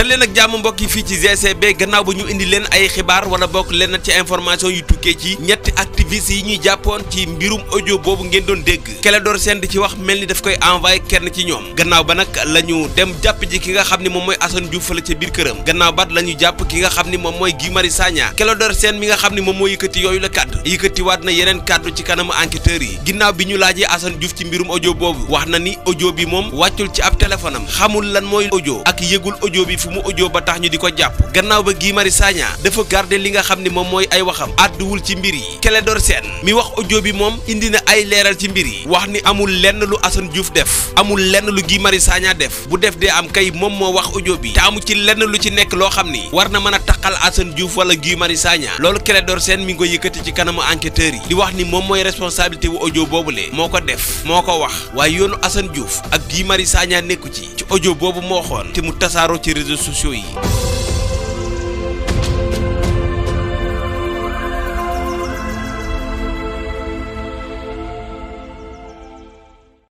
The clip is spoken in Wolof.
dal leen ak jàmm mbokk yi fii ci GCB gannaaw ba ñu indi leen ay xibaar wala bokk leen ci information yu tukkee ci ñetti activistes yi ñuy jàppoon ci mbirum audio boobu ngeen doon dégg Clédor seen di ci wax mel ni daf koy envoyé kenn ci ñoom gannaaw ba nag la ñu dem jàpp ji ki nga xam ni moom mooy Assane Diouf la ca biir këram gannaaw baat la ñu jàpp ki nga xam ni moom mooy Guy Marius Sagna Clédor seen mi nga xam ni moom mooy yëkkati yooyu la kàddu yëkkatiwaat na yeneen kàddu ci kanamu yi ginnaaw bi ñu laajee Assane Diouf ci mbirum audio boobu wax na ni audio bi moom wàccul ci ab téléphone am xamul lan mooy audio ak yëgul audio bi mu audio ba tax ñu di ko jàpp gannaaw ba gii mari Sagna dafa garder li nga xam ni moom mooy ay waxam àdduwul ci mbir yi Clédor Sène mi wax audio bi moom indi na ay leeral ci mbir yi wax ni amul lenn lu Assane Diouf def amul lenn lu Guy mari Sagna def bu def dee am kay moom moo wax audio bi te amu ci lenn lu ci nekk loo xam ni war na mën a taqal Assane Diouf wala Guy mari Sagna loolu Clédor Sène mi ngi ko yëkkati ci kanamu enquêteurs yi di wax ni moom mooy responsabilité wu audio boobule moo ko def moo ko wax waaye yoonu Assane Diouf ak Guy Marius Sagna nekku ci ci audio boobu moo xoon mu tasaaroo ci sociaux yi